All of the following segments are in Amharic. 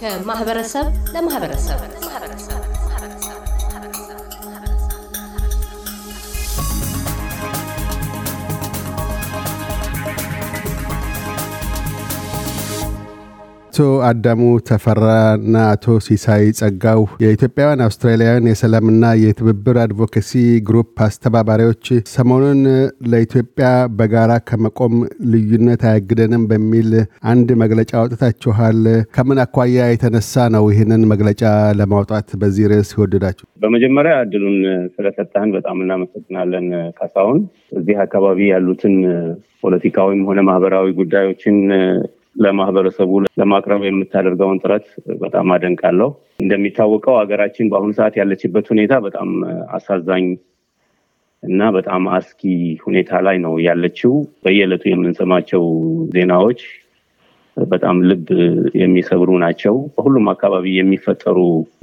ከማህበረሰብ ለማህበረሰብ አቶ አዳሙ ተፈራና አቶ ሲሳይ ጸጋው የኢትዮጵያውያን አውስትራሊያውያን የሰላምና የትብብር አድቮኬሲ ግሩፕ አስተባባሪዎች ሰሞኑን ለኢትዮጵያ በጋራ ከመቆም ልዩነት አያግደንም በሚል አንድ መግለጫ አውጥታችኋል። ከምን አኳያ የተነሳ ነው ይህንን መግለጫ ለማውጣት በዚህ ርዕስ ይወደዳችሁ? በመጀመሪያ እድሉን ስለሰጠህን በጣም እናመሰግናለን ካሳሁን። እዚህ አካባቢ ያሉትን ፖለቲካዊም ሆነ ማህበራዊ ጉዳዮችን ለማህበረሰቡ ለማቅረብ የምታደርገውን ጥረት በጣም አደንቃለሁ። እንደሚታወቀው ሀገራችን በአሁኑ ሰዓት ያለችበት ሁኔታ በጣም አሳዛኝ እና በጣም አስኪ ሁኔታ ላይ ነው ያለችው። በየዕለቱ የምንሰማቸው ዜናዎች በጣም ልብ የሚሰብሩ ናቸው። በሁሉም አካባቢ የሚፈጠሩ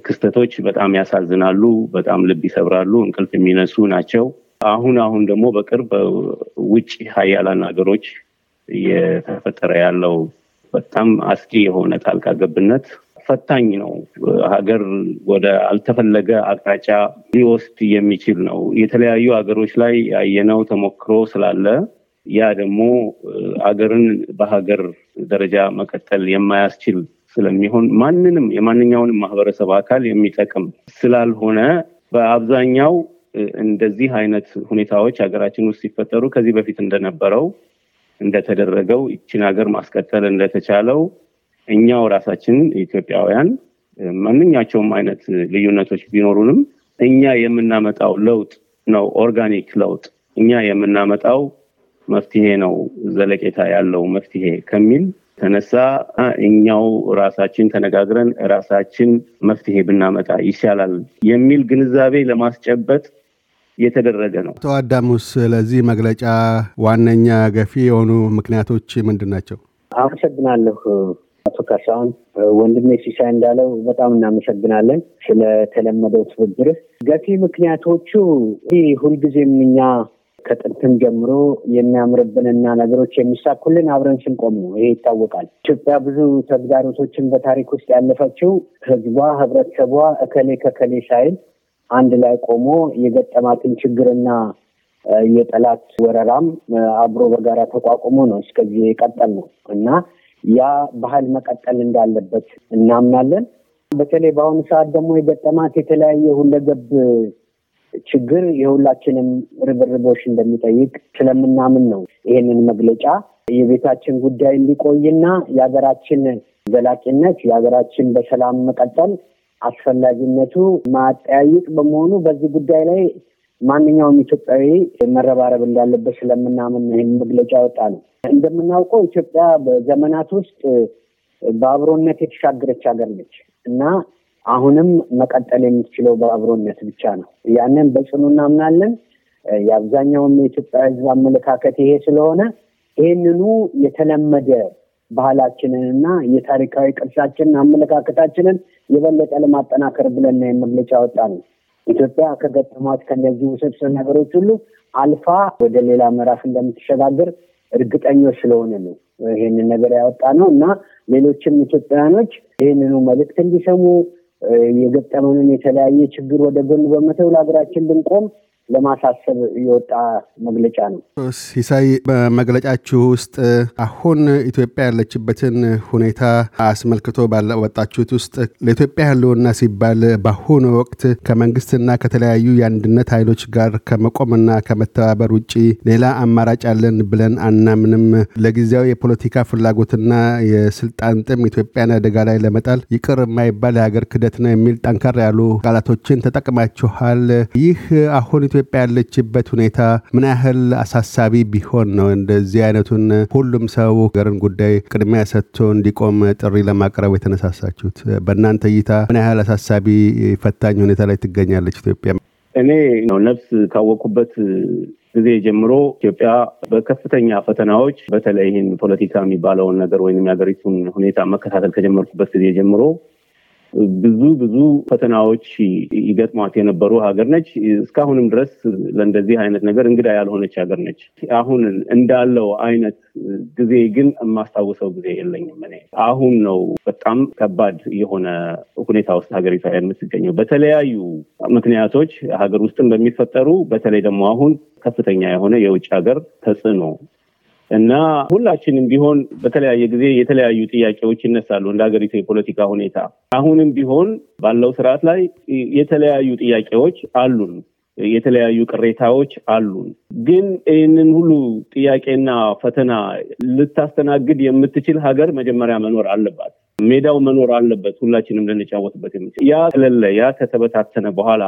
ክስተቶች በጣም ያሳዝናሉ፣ በጣም ልብ ይሰብራሉ፣ እንቅልፍ የሚነሱ ናቸው። አሁን አሁን ደግሞ በቅርብ ውጭ ሀያላን ሀገሮች እየተፈጠረ ያለው በጣም አስጊ የሆነ ጣልቃ ገብነት ፈታኝ ነው። ሀገር ወደ አልተፈለገ አቅጣጫ ሊወስድ የሚችል ነው። የተለያዩ ሀገሮች ላይ ያየነው ተሞክሮ ስላለ ያ ደግሞ ሀገርን በሀገር ደረጃ መቀጠል የማያስችል ስለሚሆን ማንንም የማንኛውንም ማህበረሰብ አካል የሚጠቅም ስላልሆነ በአብዛኛው እንደዚህ አይነት ሁኔታዎች ሀገራችን ውስጥ ሲፈጠሩ ከዚህ በፊት እንደነበረው እንደተደረገው ይችን ሀገር ማስቀጠል እንደተቻለው እኛው ራሳችን ኢትዮጵያውያን ማንኛቸውም አይነት ልዩነቶች ቢኖሩንም እኛ የምናመጣው ለውጥ ነው። ኦርጋኒክ ለውጥ እኛ የምናመጣው መፍትሄ ነው፣ ዘለቄታ ያለው መፍትሄ ከሚል ተነሳ እኛው ራሳችን ተነጋግረን ራሳችን መፍትሄ ብናመጣ ይሻላል የሚል ግንዛቤ ለማስጨበጥ የተደረገ ነው። አቶ አዳሙስ ለዚህ መግለጫ ዋነኛ ገፊ የሆኑ ምክንያቶች ምንድን ናቸው? አመሰግናለሁ አቶ ካሳሁን። ወንድሜ ሲሳይ እንዳለው በጣም እናመሰግናለን ስለተለመደው ትብብርህ። ገፊ ምክንያቶቹ ይህ ሁልጊዜም እኛ ከጥንትም ጀምሮ የሚያምርብንና ነገሮች የሚሳኩልን አብረን ስንቆም ነው። ይሄ ይታወቃል። ኢትዮጵያ ብዙ ተግዳሮቶችን በታሪክ ውስጥ ያለፈችው ህዝቧ፣ ህብረተሰቧ እከሌ ከከሌ ሳይል አንድ ላይ ቆሞ የገጠማትን ችግርና የጠላት ወረራም አብሮ በጋራ ተቋቁሞ ነው እስከዚህ የቀጠል ነው እና ያ ባህል መቀጠል እንዳለበት እናምናለን። በተለይ በአሁኑ ሰዓት ደግሞ የገጠማት የተለያየ ሁለገብ ችግር የሁላችንም ርብርቦች እንደሚጠይቅ ስለምናምን ነው ይህንን መግለጫ የቤታችን ጉዳይ እንዲቆይና የሀገራችን ዘላቂነት የሀገራችን በሰላም መቀጠል አስፈላጊነቱ ማጠያይቅ በመሆኑ በዚህ ጉዳይ ላይ ማንኛውም ኢትዮጵያዊ መረባረብ እንዳለበት ስለምናምን ይህን መግለጫ ወጣ ነው። እንደምናውቀው ኢትዮጵያ በዘመናት ውስጥ በአብሮነት የተሻገረች ሀገር ነች እና አሁንም መቀጠል የምትችለው በአብሮነት ብቻ ነው። ያንን በጽኑ እናምናለን። የአብዛኛውም የኢትዮጵያ ሕዝብ አመለካከት ይሄ ስለሆነ ይህንኑ የተለመደ ባህላችንን እና የታሪካዊ ቅርሳችንን አመለካከታችንን የበለጠ ለማጠናከር ብለን መግለጫ ወጣን። ኢትዮጵያ ከገጠሟት ከእንደዚህ ውስብስብ ነገሮች ሁሉ አልፋ ወደ ሌላ ምዕራፍ እንደምትሸጋግር እርግጠኞች ስለሆነ ነው ይህንን ነገር ያወጣ ነው እና ሌሎችም ኢትዮጵያውያኖች ይህንኑ መልእክት እንዲሰሙ የገጠመንን የተለያየ ችግር ወደ ጎን በመተው ለሀገራችን ብንቆም ለማሳሰብ የወጣ መግለጫ ነው። ሲሳይ፣ በመግለጫችሁ ውስጥ አሁን ኢትዮጵያ ያለችበትን ሁኔታ አስመልክቶ ባወጣችሁት ውስጥ ለኢትዮጵያ ህልውና ሲባል በአሁኑ ወቅት ከመንግስትና ከተለያዩ የአንድነት ኃይሎች ጋር ከመቆምና ከመተባበር ውጭ ሌላ አማራጭ አለን ብለን አናምንም። ለጊዜያዊ የፖለቲካ ፍላጎትና የስልጣን ጥም ኢትዮጵያን አደጋ ላይ ለመጣል ይቅር የማይባል የሀገር ክደት ነው የሚል ጠንከር ያሉ ቃላቶችን ተጠቅማችኋል። ይህ አሁን ኢትዮጵያ ያለችበት ሁኔታ ምን ያህል አሳሳቢ ቢሆን ነው እንደዚህ አይነቱን ሁሉም ሰው ገርን ጉዳይ ቅድሚያ ሰጥቶ እንዲቆም ጥሪ ለማቅረብ የተነሳሳችሁት? በእናንተ እይታ ምን ያህል አሳሳቢ ፈታኝ ሁኔታ ላይ ትገኛለች ኢትዮጵያ? እኔ ነው ነፍስ ካወቅኩበት ጊዜ ጀምሮ ኢትዮጵያ በከፍተኛ ፈተናዎች በተለይ ይህን ፖለቲካ የሚባለውን ነገር ወይም የሀገሪቱን ሁኔታ መከታተል ከጀመርኩበት ጊዜ ጀምሮ ብዙ ብዙ ፈተናዎች ይገጥሟት የነበሩ ሀገር ነች። እስካሁንም ድረስ ለእንደዚህ አይነት ነገር እንግዳ ያልሆነች ሀገር ነች። አሁን እንዳለው አይነት ጊዜ ግን የማስታውሰው ጊዜ የለኝም እኔ። አሁን ነው በጣም ከባድ የሆነ ሁኔታ ውስጥ ሀገሪቷ የምትገኘው በተለያዩ ምክንያቶች ሀገር ውስጥም በሚፈጠሩ በተለይ ደግሞ አሁን ከፍተኛ የሆነ የውጭ ሀገር ተጽዕኖ እና ሁላችንም ቢሆን በተለያየ ጊዜ የተለያዩ ጥያቄዎች ይነሳሉ። እንደ ሀገሪቱ የፖለቲካ ሁኔታ አሁንም ቢሆን ባለው ስርዓት ላይ የተለያዩ ጥያቄዎች አሉን፣ የተለያዩ ቅሬታዎች አሉን። ግን ይህንን ሁሉ ጥያቄና ፈተና ልታስተናግድ የምትችል ሀገር መጀመሪያ መኖር አለባት። ሜዳው መኖር አለበት። ሁላችንም ልንጫወትበት የምችል ያ ስለሌለ ያ ከተበታተነ በኋላ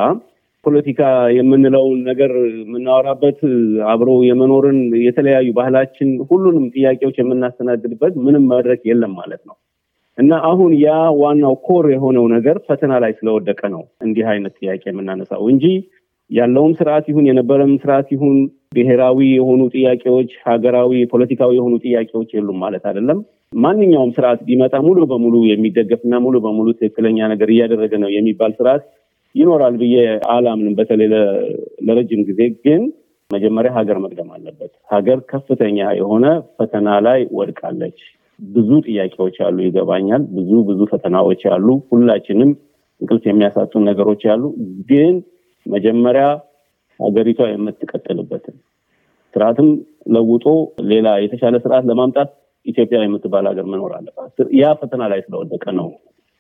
ፖለቲካ የምንለውን ነገር የምናወራበት አብሮ የመኖርን የተለያዩ ባህላችን ሁሉንም ጥያቄዎች የምናስተናግድበት ምንም መድረክ የለም ማለት ነው እና አሁን ያ ዋናው ኮር የሆነው ነገር ፈተና ላይ ስለወደቀ ነው እንዲህ አይነት ጥያቄ የምናነሳው እንጂ ያለውም ስርዓት ይሁን የነበረም ስርዓት ይሁን ብሔራዊ የሆኑ ጥያቄዎች፣ ሀገራዊ ፖለቲካዊ የሆኑ ጥያቄዎች የሉም ማለት አይደለም። ማንኛውም ስርዓት ቢመጣ ሙሉ በሙሉ የሚደገፍና ሙሉ በሙሉ ትክክለኛ ነገር እያደረገ ነው የሚባል ስርዓት ይኖራል ብዬ አላምንም። በተለይ ለረጅም ጊዜ ግን መጀመሪያ ሀገር መቅደም አለበት። ሀገር ከፍተኛ የሆነ ፈተና ላይ ወድቃለች። ብዙ ጥያቄዎች አሉ፣ ይገባኛል። ብዙ ብዙ ፈተናዎች አሉ። ሁላችንም እንቅልፍ የሚያሳጡን ነገሮች አሉ። ግን መጀመሪያ ሀገሪቷ የምትቀጥልበትን ስርዓትም ለውጦ ሌላ የተሻለ ስርዓት ለማምጣት ኢትዮጵያ የምትባል ሀገር መኖር አለባት። ያ ፈተና ላይ ስለወደቀ ነው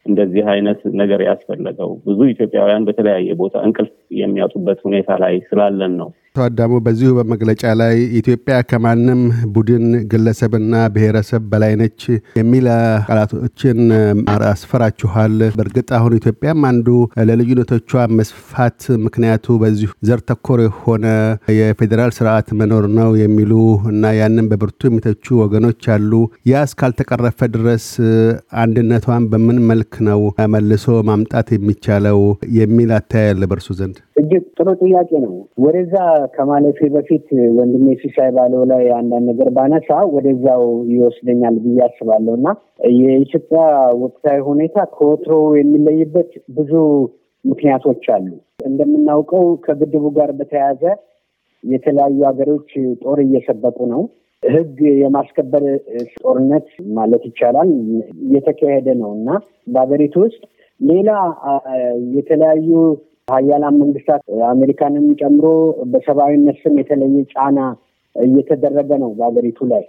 እንደዚህ አይነት ነገር ያስፈለገው ብዙ ኢትዮጵያውያን በተለያየ ቦታ እንቅልፍ የሚያጡበት ሁኔታ ላይ ስላለን ነው። ተዋዳሙ በዚሁ በመግለጫ ላይ ኢትዮጵያ ከማንም ቡድን ግለሰብና ብሔረሰብ በላይ ነች የሚል ቃላቶችን አስፈራችኋል። በእርግጥ አሁን ኢትዮጵያም አንዱ ለልዩነቶቿ መስፋት ምክንያቱ በዚሁ ዘር ተኮር የሆነ የፌዴራል ስርዓት መኖር ነው የሚሉ እና ያንን በብርቱ የሚተቹ ወገኖች አሉ። ያ እስካልተቀረፈ ድረስ አንድነቷን በምን መልክ ነው መልሶ ማምጣት የሚቻለው የሚል አታያለ በእርሱ ዘንድ እጅግ ጥሩ ጥያቄ ነው። ወደዛ ከማለፌ በፊት ወንድሜ ሲሳይ ባለው ላይ አንዳንድ ነገር ባነሳ ወደዛው ይወስደኛል ብዬ አስባለሁ እና የኢትዮጵያ ወቅታዊ ሁኔታ ከወትሮ የሚለይበት ብዙ ምክንያቶች አሉ። እንደምናውቀው ከግድቡ ጋር በተያያዘ የተለያዩ ሀገሮች ጦር እየሰበቁ ነው። ሕግ የማስከበር ጦርነት ማለት ይቻላል እየተካሄደ ነው እና በሀገሪቱ ውስጥ ሌላ የተለያዩ ሀያላን መንግስታት አሜሪካንን ጨምሮ በሰብአዊነት ስም የተለየ ጫና እየተደረገ ነው በሀገሪቱ ላይ።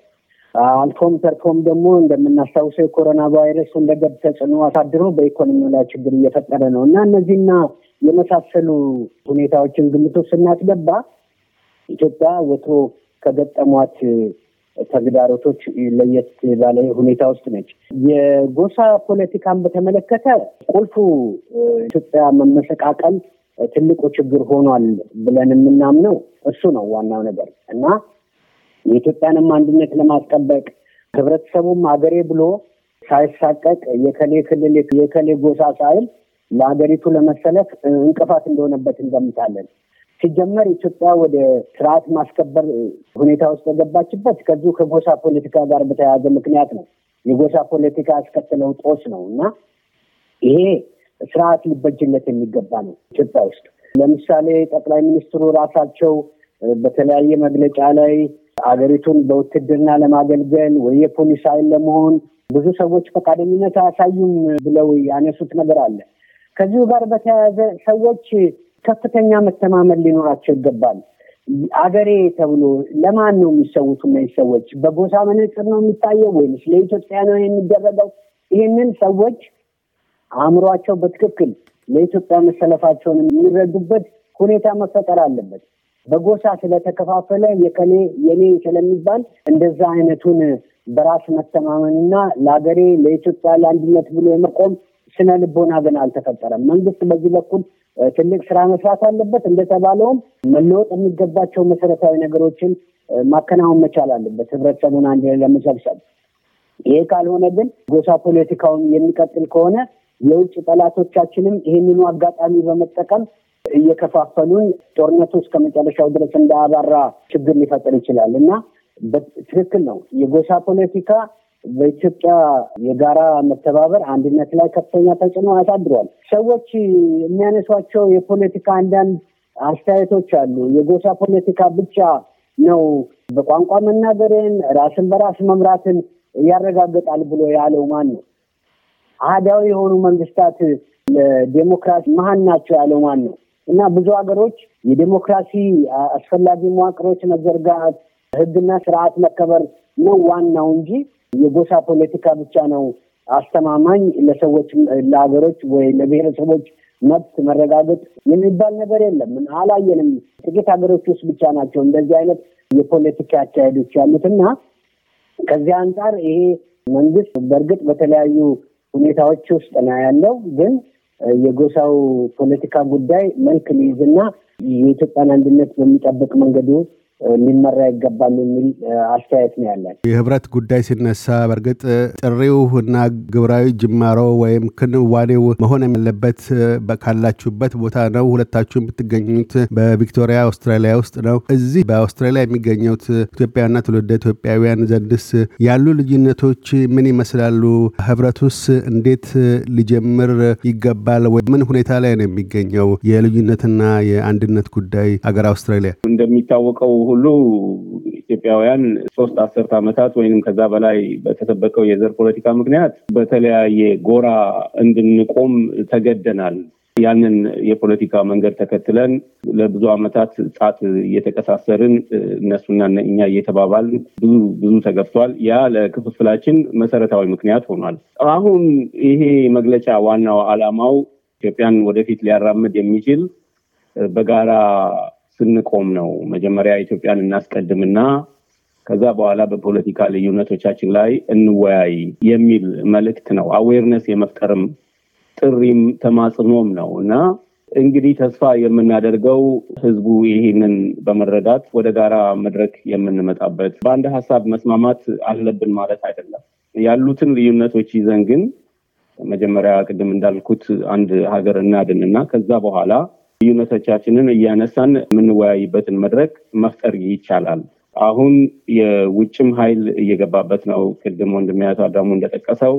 አልፎም ተርፎም ደግሞ እንደምናስታውሰው የኮሮና ቫይረስ ሁለገብ ተጽዕኖ አሳድሮ በኢኮኖሚው ላይ ችግር እየፈጠረ ነው እና እነዚህና የመሳሰሉ ሁኔታዎችን ግምቶ ስናስገባ ኢትዮጵያ ወትሮ ከገጠሟት ተግዳሮቶች ለየት ባለ ሁኔታ ውስጥ ነች። የጎሳ ፖለቲካን በተመለከተ ቁልፉ ኢትዮጵያ መመሰቃቀል ትልቁ ችግር ሆኗል ብለን የምናምነው እሱ ነው ዋናው ነገር እና የኢትዮጵያንም አንድነት ለማስጠበቅ ህብረተሰቡም አገሬ ብሎ ሳይሳቀቅ የከሌ ክልል የከሌ ጎሳ ሳይል ለሀገሪቱ ለመሰለፍ እንቅፋት እንደሆነበት እንገምታለን። ሲጀመር ኢትዮጵያ ወደ ስርዓት ማስከበር ሁኔታ ውስጥ የገባችበት ከዚሁ ከጎሳ ፖለቲካ ጋር በተያያዘ ምክንያት ነው። የጎሳ ፖለቲካ ያስከተለው ጦስ ነው እና ይሄ ስርዓት ሊበጅለት የሚገባ ነው ኢትዮጵያ ውስጥ። ለምሳሌ ጠቅላይ ሚኒስትሩ ራሳቸው በተለያየ መግለጫ ላይ አገሪቱን በውትድርና ለማገልገል ወይ የፖሊስ ኃይል ለመሆን ብዙ ሰዎች ፈቃደኝነት አያሳዩም ብለው ያነሱት ነገር አለ። ከዚሁ ጋር በተያያዘ ሰዎች ከፍተኛ መተማመን ሊኖራቸው ይገባል። አገሬ ተብሎ ለማን ነው የሚሰውቱ? እነዚህ ሰዎች በጎሳ መነጽር ነው የሚታየው ወይም ለኢትዮጵያ ነው የሚደረገው? ይህንን ሰዎች አእምሯቸው በትክክል ለኢትዮጵያ መሰለፋቸውን የሚረዱበት ሁኔታ መፈጠር አለበት። በጎሳ ስለተከፋፈለ የከሌ የኔ ስለሚባል እንደዛ አይነቱን በራስ መተማመንና ለሀገሬ ለኢትዮጵያ ለአንድነት ብሎ የመቆም ስነ ልቦና ግን አልተፈጠረም። መንግስት በዚህ በኩል ትልቅ ስራ መስራት አለበት። እንደተባለውም መለወጥ የሚገባቸው መሰረታዊ ነገሮችን ማከናወን መቻል አለበት፣ ህብረተሰቡን አንድ ላይ ለመሰብሰብ። ይሄ ካልሆነ ግን ጎሳ ፖለቲካውን የሚቀጥል ከሆነ የውጭ ጠላቶቻችንም ይህንኑ አጋጣሚ በመጠቀም እየከፋፈሉን ጦርነቱ እስከ መጨረሻው ድረስ እንዳያባራ ችግር ሊፈጥር ይችላል እና ትክክል ነው የጎሳ ፖለቲካ በኢትዮጵያ የጋራ መተባበር አንድነት ላይ ከፍተኛ ተጽዕኖ አሳድሯል። ሰዎች የሚያነሷቸው የፖለቲካ አንዳንድ አስተያየቶች አሉ። የጎሳ ፖለቲካ ብቻ ነው በቋንቋ መናገርን ራስን በራስ መምራትን ያረጋግጣል ብሎ ያለው ማን ነው? አህዳዊ የሆኑ መንግስታት ለዴሞክራሲ መሀን ናቸው ያለው ማን ነው? እና ብዙ ሀገሮች የዴሞክራሲ አስፈላጊ መዋቅሮች መዘርጋት፣ ህግና ስርዓት መከበር ነው ዋናው እንጂ የጎሳ ፖለቲካ ብቻ ነው አስተማማኝ ለሰዎች ለሀገሮች ወይ ለብሔረሰቦች መብት መረጋገጥ የሚባል ነገር የለም። አላየንም። ጥቂት ሀገሮች ውስጥ ብቻ ናቸው እንደዚህ አይነት የፖለቲካ አካሄዶች ያሉት እና ከዚህ አንጻር ይሄ መንግስት በእርግጥ በተለያዩ ሁኔታዎች ውስጥ ነው ያለው። ግን የጎሳው ፖለቲካ ጉዳይ መልክ ሊይዝና የኢትዮጵያን አንድነት በሚጠብቅ መንገዱ ሊመራ ይገባል የሚል አስተያየት ነው ያለን። የህብረት ጉዳይ ሲነሳ በእርግጥ ጥሪው እና ግብራዊ ጅማሮ ወይም ክንዋኔው መሆን ያለበት ካላችሁበት ቦታ ነው። ሁለታችሁ የምትገኙት በቪክቶሪያ አውስትራሊያ ውስጥ ነው። እዚህ በአውስትራሊያ የሚገኙት ኢትዮጵያና ትውልደ ኢትዮጵያውያን ዘንድስ ያሉ ልዩነቶች ምን ይመስላሉ? ህብረቱስ እንዴት ሊጀምር ይገባል? ወይ ምን ሁኔታ ላይ ነው የሚገኘው? የልዩነትና የአንድነት ጉዳይ አገር አውስትራሊያ እንደሚታወቀው ሁሉ ኢትዮጵያውያን ሶስት አስርት ዓመታት ወይም ከዛ በላይ በተሰበቀው የዘር ፖለቲካ ምክንያት በተለያየ ጎራ እንድንቆም ተገደናል። ያንን የፖለቲካ መንገድ ተከትለን ለብዙ ዓመታት ጻት እየተቀሳሰርን እነሱና እኛ እየተባባልን ብዙ ብዙ ተገፍቷል። ያ ለክፍፍላችን መሰረታዊ ምክንያት ሆኗል። አሁን ይሄ መግለጫ ዋናው ዓላማው ኢትዮጵያን ወደፊት ሊያራምድ የሚችል በጋራ ስንቆም ነው። መጀመሪያ ኢትዮጵያን እናስቀድምና ከዛ በኋላ በፖለቲካ ልዩነቶቻችን ላይ እንወያይ የሚል መልእክት ነው። አዌርነስ የመፍጠርም ጥሪም ተማጽኖም ነው እና እንግዲህ ተስፋ የምናደርገው ህዝቡ ይህንን በመረዳት ወደ ጋራ መድረክ የምንመጣበት በአንድ ሀሳብ መስማማት አለብን ማለት አይደለም። ያሉትን ልዩነቶች ይዘን ግን መጀመሪያ ቅድም እንዳልኩት አንድ ሀገር እናድንና ከዛ በኋላ ልዩነቶቻችንን እያነሳን የምንወያይበትን መድረክ መፍጠር ይቻላል። አሁን የውጭም ኃይል እየገባበት ነው። ቅድም ወንድሚያቱ አዳሙ እንደጠቀሰው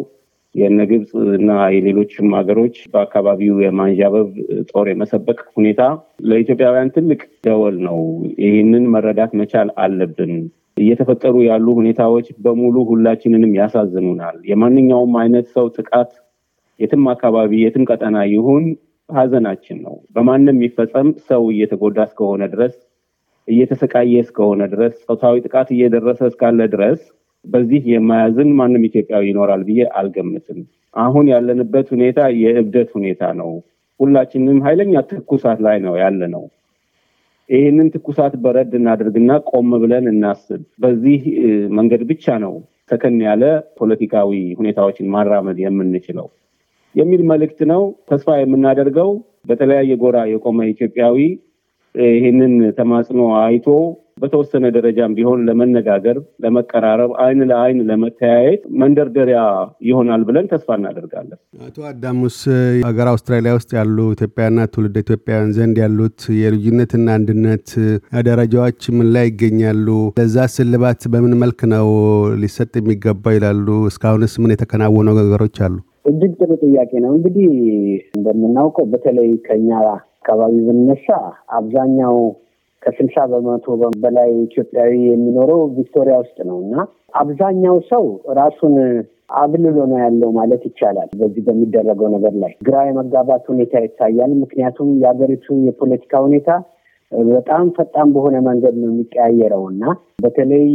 የነ ግብፅ እና የሌሎችም ሀገሮች በአካባቢው የማንዣበብ ጦር የመሰበቅ ሁኔታ ለኢትዮጵያውያን ትልቅ ደወል ነው። ይህንን መረዳት መቻል አለብን። እየተፈጠሩ ያሉ ሁኔታዎች በሙሉ ሁላችንንም ያሳዝኑናል። የማንኛውም አይነት ሰው ጥቃት የትም አካባቢ የትም ቀጠና ይሁን ሀዘናችን ነው። በማንም የሚፈጸም ሰው እየተጎዳ እስከሆነ ድረስ እየተሰቃየ እስከሆነ ድረስ ፆታዊ ጥቃት እየደረሰ እስካለ ድረስ በዚህ የማያዝን ማንም ኢትዮጵያዊ ይኖራል ብዬ አልገምትም። አሁን ያለንበት ሁኔታ የእብደት ሁኔታ ነው። ሁላችንም ኃይለኛ ትኩሳት ላይ ነው ያለ ነው። ይህንን ትኩሳት በረድ እናደርግና ቆም ብለን እናስብ። በዚህ መንገድ ብቻ ነው ሰከን ያለ ፖለቲካዊ ሁኔታዎችን ማራመድ የምንችለው። የሚል መልእክት ነው። ተስፋ የምናደርገው በተለያየ ጎራ የቆመ ኢትዮጵያዊ ይህንን ተማጽኖ አይቶ በተወሰነ ደረጃም ቢሆን ለመነጋገር፣ ለመቀራረብ፣ አይን ለአይን ለመተያየት መንደርደሪያ ይሆናል ብለን ተስፋ እናደርጋለን። አቶ አዳሙስ ሀገር አውስትራሊያ ውስጥ ያሉ ኢትዮጵያና ትውልድ ኢትዮጵያውያን ዘንድ ያሉት የልዩነትና አንድነት ደረጃዎች ምን ላይ ይገኛሉ? ለዛ ስልባት በምን መልክ ነው ሊሰጥ የሚገባ ይላሉ? እስካሁንስ ምን የተከናወኑ ነገሮች አሉ? እጅግ ጥሩ ጥያቄ ነው። እንግዲህ እንደምናውቀው በተለይ ከኛ አካባቢ ብንነሳ አብዛኛው ከስልሳ በመቶ በላይ ኢትዮጵያዊ የሚኖረው ቪክቶሪያ ውስጥ ነው እና አብዛኛው ሰው ራሱን አግልሎ ነው ያለው ማለት ይቻላል። በዚህ በሚደረገው ነገር ላይ ግራ የመጋባት ሁኔታ ይታያል። ምክንያቱም የሀገሪቱ የፖለቲካ ሁኔታ በጣም ፈጣን በሆነ መንገድ ነው የሚቀያየረው እና በተለይ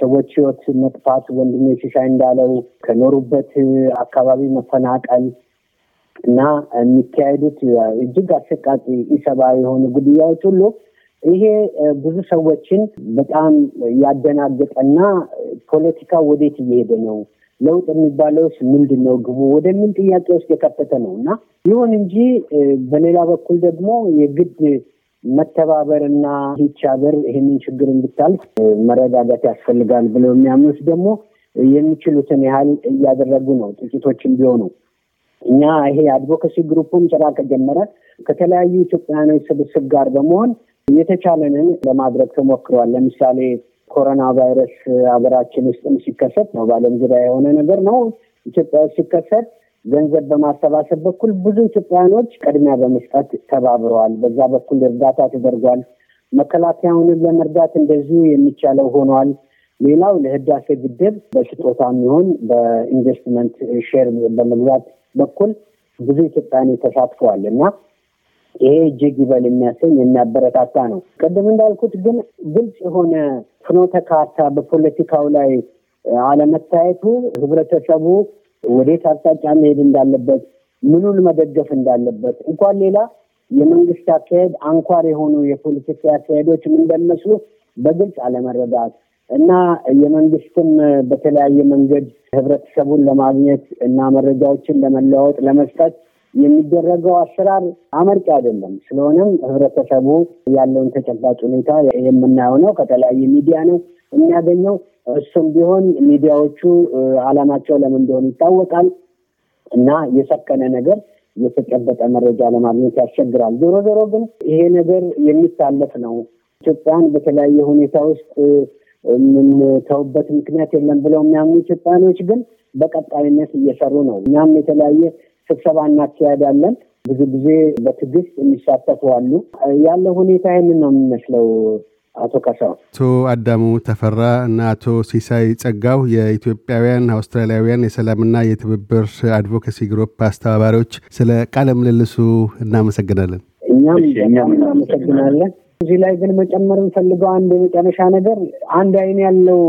ሰዎች ህይወት መጥፋት፣ ወንድሜ ሽሻይ እንዳለው ከኖሩበት አካባቢ መፈናቀል እና የሚካሄዱት እጅግ አሰቃቂ ኢሰብአዊ የሆኑ ግድያዎች ሁሉ ይሄ ብዙ ሰዎችን በጣም ያደናገጠና ፖለቲካ ወዴት እየሄደ ነው ለውጥ የሚባለውስ ምንድን ነው ግቡ ወደሚል ጥያቄ ውስጥ የከተተ ነው እና ይሁን እንጂ በሌላ በኩል ደግሞ የግድ መተባበርና ይህች ሀገር ይህንን ችግር እንድታልፍ መረጋጋት ያስፈልጋል ብለው የሚያምኑት ደግሞ የሚችሉትን ያህል እያደረጉ ነው። ጥቂቶችም ቢሆኑ እኛ ይሄ አድቮካሲ ግሩፑም ስራ ከጀመረ ከተለያዩ ኢትዮጵያውያኖች ስብስብ ጋር በመሆን የተቻለንን ለማድረግ ተሞክሯል። ለምሳሌ ኮሮና ቫይረስ ሀገራችን ውስጥም ሲከሰት ነው፣ በዓለም ዙሪያ የሆነ ነገር ነው። ኢትዮጵያ ውስጥ ሲከሰት ገንዘብ በማሰባሰብ በኩል ብዙ ኢትዮጵያውያኖች ቅድሚያ በመስጠት ተባብረዋል። በዛ በኩል እርዳታ ተደርጓል። መከላከያውንም ለመርዳት እንደዚሁ የሚቻለው ሆኗል። ሌላው ለህዳሴ ግድብ በስጦታ የሚሆን በኢንቨስትመንት ሼር በመግዛት በኩል ብዙ ኢትዮጵያውያን ተሳትፈዋል እና ይሄ እጅግ ይበል የሚያሰኝ የሚያበረታታ ነው። ቅድም እንዳልኩት ግን ግልጽ የሆነ ፍኖተ ካርታ በፖለቲካው ላይ አለመታየቱ ህብረተሰቡ ወዴት አቅጣጫ መሄድ እንዳለበት፣ ምኑን መደገፍ እንዳለበት እንኳን ሌላ የመንግስት አካሄድ አንኳር የሆኑ የፖለቲካ አካሄዶች ምን እንደሚመስሉ በግልጽ አለመረዳት እና የመንግስትም በተለያየ መንገድ ህብረተሰቡን ለማግኘት እና መረጃዎችን ለመለዋወጥ ለመስጠት የሚደረገው አሰራር አመርቂ አይደለም። ስለሆነም ህብረተሰቡ ያለውን ተጨባጭ ሁኔታ የምናየው ነው። ከተለያየ ሚዲያ ነው የሚያገኘው። እሱም ቢሆን ሚዲያዎቹ አላማቸው ለምን እንደሆነ ይታወቃል እና የሰከነ ነገር የተጨበጠ መረጃ ለማግኘት ያስቸግራል። ዞሮ ዞሮ ግን ይሄ ነገር የሚታለፍ ነው። ኢትዮጵያን በተለያየ ሁኔታ ውስጥ የምንተውበት ምክንያት የለም ብለው የሚያምኑ ኢትዮጵያኖች ግን በቀጣይነት እየሰሩ ነው። እኛም የተለያየ ስብሰባ እናካሄዳለን። ብዙ ጊዜ በትዕግስት የሚሳተፉ አሉ። ያለው ሁኔታ ይህንን ነው የሚመስለው። አቶ ካሳሁን፣ አቶ አዳሙ ተፈራ እና አቶ ሲሳይ ጸጋው የኢትዮጵያውያን አውስትራሊያውያን የሰላምና የትብብር አድቮኬሲ ግሩፕ አስተባባሪዎች፣ ስለ ቃለ ምልልሱ እናመሰግናለን። እኛም እናመሰግናለን። እዚህ ላይ ግን መጨመር እንፈልገው አንድ የመጨረሻ ነገር አንድ አይን ያለው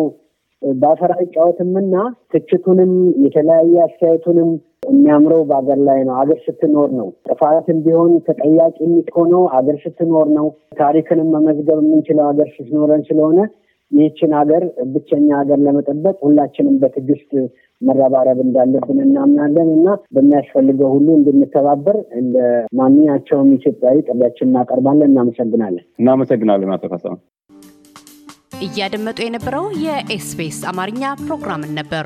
በአፈራ ጫወትምና ትችቱንም የተለያየ አስተያየቱንም የሚያምረው በሀገር ላይ ነው። ሀገር ስትኖር ነው። ጥፋትን ቢሆን ተጠያቂ የሚሆነው ሀገር ስትኖር ነው። ታሪክንም መመዝገብ የምንችለው ሀገር ስትኖረን ስለሆነ ይህችን ሀገር ብቸኛ ሀገር ለመጠበቅ ሁላችንም በትዕግስት መረባረብ እንዳለብን እናምናለን እና በሚያስፈልገው ሁሉ እንድንተባበር እንደ ማንኛቸውም ኢትዮጵያዊ ጥሪያችን እናቀርባለን። እናመሰግናለን። እናመሰግናለን አቶ ካሳሁን። እያደመጡ የነበረው የኤስፔስ አማርኛ ፕሮግራምን ነበር።